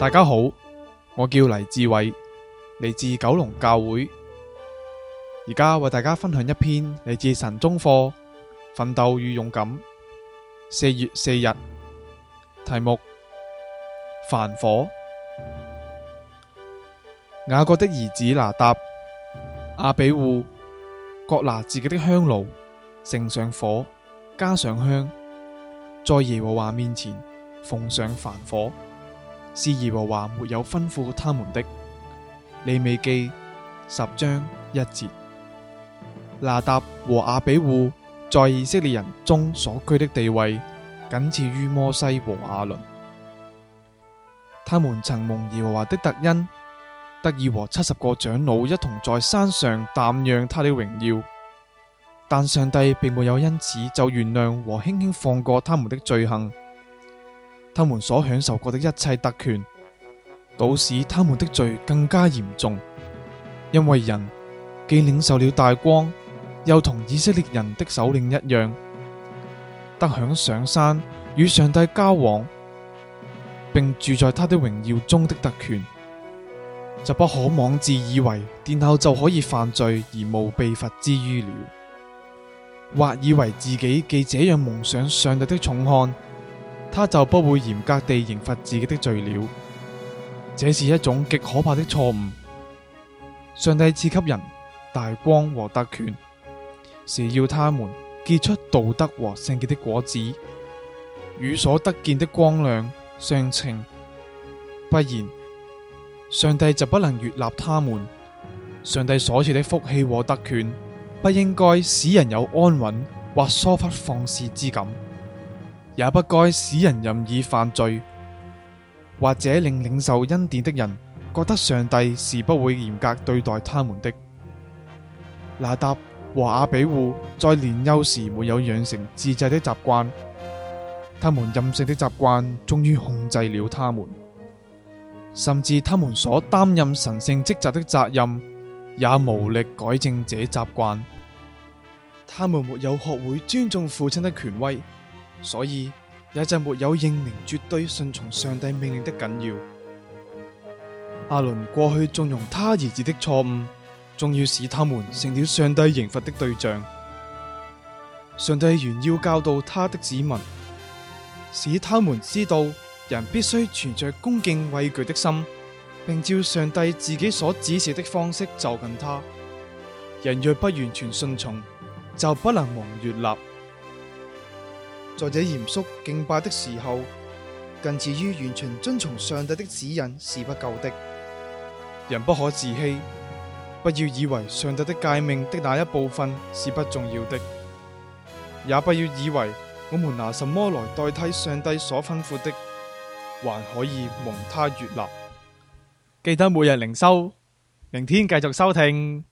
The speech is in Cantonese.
大家好，我叫黎志偉，嚟自九龍教會，而家為大家分享一篇嚟自神中課《奮鬥與勇敢》，四月四日，題目：凡火。雅各的兒子拿答亞比戶，各拿自己的香爐，盛上火，加上香。在耶和華面前奉上凡火，是耶和華沒有吩咐他們的。利未記十章一節。拿答和亞比戶在以色列人中所居的地位，僅次於摩西和亞倫。他們曾蒙耶和華的特恩，得以和七十個長老一同在山上瞻仰他的榮耀。但上帝並沒有因此就原諒和輕輕放過他們的罪行，他們所享受過的一切特權，導致他們的罪更加嚴重。因為人既領受了大光，又同以色列人的首領一樣，得享上山與上帝交往，並住在他的榮耀中的特權，就不可妄自以為殿後就可以犯罪而無被罰之虞了。或以為自己既這樣蒙上上帝的重看，他就不會嚴格地刑罰自己的罪了。這是一種極可怕的錯誤。上帝賜給人大光和特權，是要他們結出道德和聖潔的果子，與所得見的光亮相稱。不然，上帝就不能悅納他們。上帝所賜的福氣和特權，不應該使人有安穩或疏忽放肆之感，也不該使人任意犯罪，或者令領受恩典的人覺得上帝是不會嚴格對待他們的。拿達和亞比戶在年幼時沒有養成自制的習慣，他們任性的習慣終於控制了他們，甚至他們所擔任神聖職責的責任也無力改正這習慣。他們沒有學會尊重父親的權威，所以也就沒有認明絕對順從上帝命令的緊要。阿倫過去縱容他兒子的錯誤，終要使他們成了上帝刑罰的對象。上帝原要教導他的子民，使他們知道人必須存着恭敬畏懼的心，並照上帝自己所指示的方式就近他。人若不完全順從，就不能蒙悅納。在這嚴肅敬拜的時候，近似於完全遵從上帝的指引是不夠的。人不可自欺，不要以為上帝的誡命的那一部分是不重要的，也不要以為我們拿什麼來代替上帝所吩咐的，還可以蒙他悅納。記得每日靈修，明天繼續收聽。